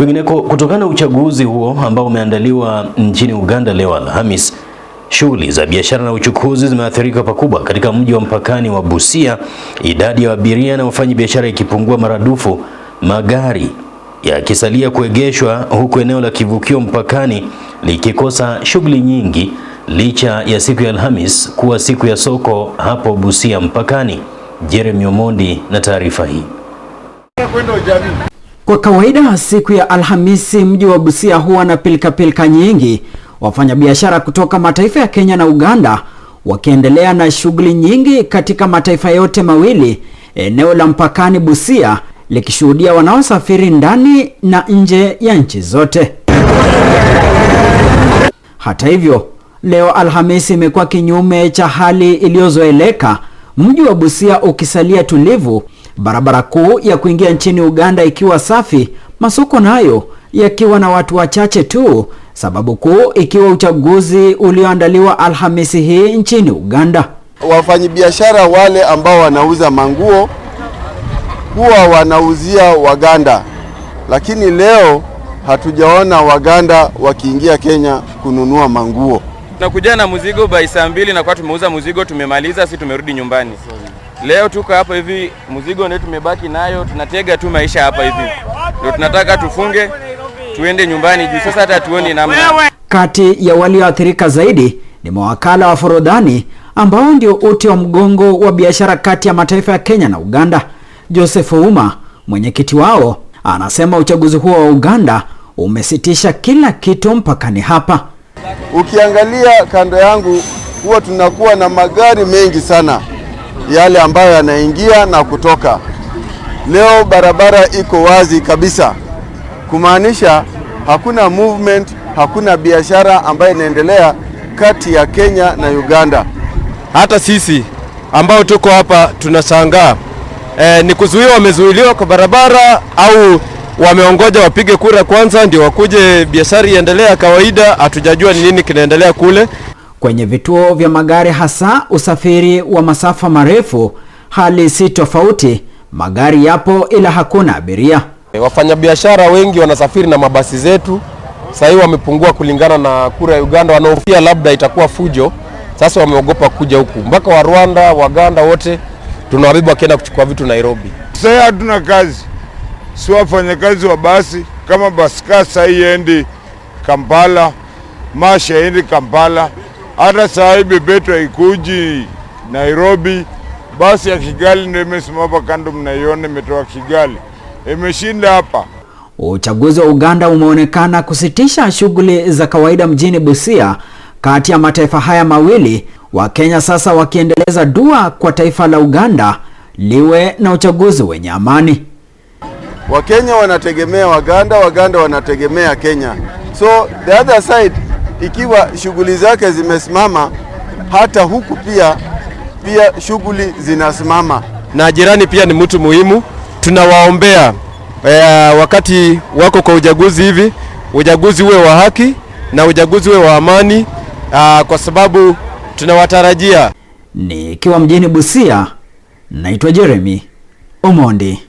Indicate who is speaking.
Speaker 1: Kwingineko, kutokana na uchaguzi huo ambao umeandaliwa nchini Uganda leo Alhamis, shughuli za biashara na uchukuzi zimeathirika pakubwa katika mji wa mpakani wa Busia, idadi ya abiria na wafanyabiashara ikipungua maradufu, magari yakisalia kuegeshwa huku eneo la kivukio mpakani likikosa shughuli nyingi licha ya siku ya Alhamis kuwa siku ya soko hapo Busia mpakani. Jeremy Omondi na taarifa hii.
Speaker 2: Kwa kawaida siku ya Alhamisi mji wa Busia huwa na pilikapilika nyingi, wafanyabiashara kutoka mataifa ya Kenya na Uganda wakiendelea na shughuli nyingi katika mataifa yote mawili, eneo la mpakani Busia likishuhudia wanaosafiri ndani na nje ya nchi zote. Hata hivyo, leo Alhamisi imekuwa kinyume cha hali iliyozoeleka, mji wa Busia ukisalia tulivu barabara kuu ya kuingia nchini Uganda ikiwa safi, masoko nayo yakiwa na watu wachache tu, sababu kuu ikiwa uchaguzi ulioandaliwa Alhamisi hii nchini Uganda.
Speaker 3: Wafanyabiashara wale ambao wanauza manguo huwa wanauzia Waganda, lakini leo hatujaona Waganda wakiingia Kenya kununua manguo.
Speaker 4: Tunakuja na muzigo by saa mbili na kwa tumeuza muzigo tumemaliza, si tumerudi nyumbani. Leo tuko hapa hivi, mzigo ndio tumebaki nayo, tunatega tu maisha hapa hivi, ndio tunataka tufunge tuende nyumbani juu sasa hata tuone namna.
Speaker 2: Kati ya walioathirika zaidi ni mawakala wa forodhani ambao ndio uti wa mgongo wa biashara kati ya mataifa ya Kenya na Uganda. Joseph Ouma, mwenyekiti wao, anasema uchaguzi huo wa Uganda umesitisha kila kitu mpakani hapa.
Speaker 5: Ukiangalia kando yangu, huwa tunakuwa na magari mengi sana yale ambayo yanaingia na kutoka. Leo barabara iko wazi kabisa, kumaanisha hakuna movement, hakuna biashara ambayo inaendelea kati ya Kenya na Uganda.
Speaker 6: Hata sisi ambao tuko hapa tunashangaa e, ni kuzuiwa wamezuiliwa kwa barabara au wameongoja wapige kura kwanza ndio wakuje biashara iendelee kawaida. Hatujajua ni nini kinaendelea kule.
Speaker 2: Kwenye vituo vya magari, hasa usafiri wa masafa marefu, hali si tofauti. Magari yapo ila hakuna abiria.
Speaker 7: Wafanyabiashara wengi wanasafiri na mabasi zetu, sasa wamepungua kulingana na kura ya Uganda. Wanaofia labda itakuwa fujo, sasa wameogopa kuja huku. Mpaka wa Rwanda, Waganda wote tunawabeba wakienda kuchukua vitu Nairobi.
Speaker 8: Sasa hatuna kazi, si wafanyakazi wa basi kama baska sahii endi Kampala, Masha endi Kampala hata saa hivi petro haikuji Nairobi, basi ya Kigali ndio imesimama hapa kando, mnaiona imetoa Kigali, imeshinda hapa.
Speaker 2: Uchaguzi wa Uganda umeonekana kusitisha shughuli za kawaida mjini Busia kati ya mataifa haya mawili, Wakenya sasa wakiendeleza dua kwa taifa la Uganda liwe na uchaguzi wenye amani.
Speaker 9: Wakenya wanategemea Waganda, Waganda wanategemea Kenya, so the other side ikiwa shughuli zake zimesimama, hata huku pia pia shughuli zinasimama.
Speaker 10: Na jirani pia ni mtu muhimu, tunawaombea e, wakati wako kwa uchaguzi hivi, uchaguzi uwe wa haki na uchaguzi uwe wa amani a, ah, kwa sababu tunawatarajia.
Speaker 2: Nikiwa mjini Busia, naitwa Jeremy Omondi.